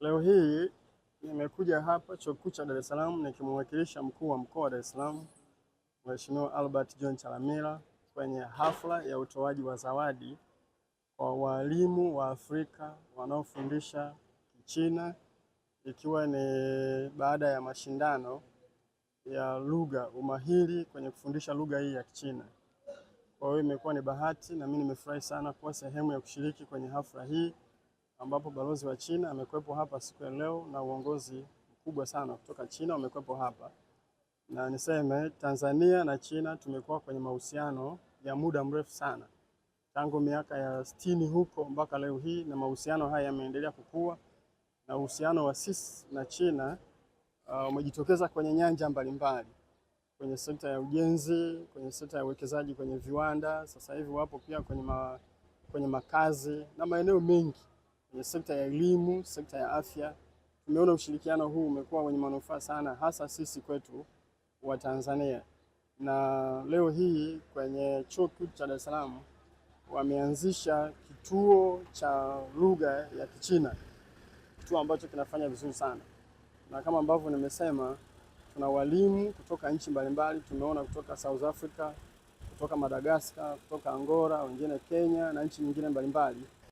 Leo hii nimekuja hapa Chuo Kikuu cha Dar es Salaam nikimwakilisha mkuu wa mkoa wa Dar es Salaam Mheshimiwa Albert John Chalamila kwenye hafla ya utoaji wa zawadi kwa walimu wa Afrika wanaofundisha Kichina ikiwa ni baada ya mashindano ya lugha umahiri kwenye kufundisha lugha hii ya Kichina. Kwa hiyo imekuwa ni bahati na mimi nimefurahi sana kuwa sehemu ya kushiriki kwenye hafla hii ambapo balozi wa China amekwepo hapa siku ya leo na uongozi mkubwa sana kutoka China wamekwepo hapa, na niseme Tanzania na China tumekuwa kwenye mahusiano ya muda mrefu sana tangu miaka ya sitini huko mpaka leo hii, na mahusiano haya yameendelea kukua na uhusiano wa sisi na China uh, umejitokeza kwenye nyanja mbalimbali, kwenye sekta ya ujenzi, kwenye sekta ya uwekezaji kwenye viwanda, sasa hivi wapo pia kwenye, ma, kwenye makazi na maeneo mengi kwenye sekta ya elimu, sekta ya afya. Tumeona ushirikiano huu umekuwa wenye manufaa sana, hasa sisi kwetu wa Tanzania, na leo hii kwenye chuo kikuu cha Dar es Salaam wameanzisha kituo cha lugha ya Kichina, kituo ambacho kinafanya vizuri sana, na kama ambavyo nimesema, tuna walimu kutoka nchi mbalimbali. Tumeona kutoka South Africa, kutoka Madagascar, kutoka Angola, wengine Kenya na nchi nyingine mbalimbali.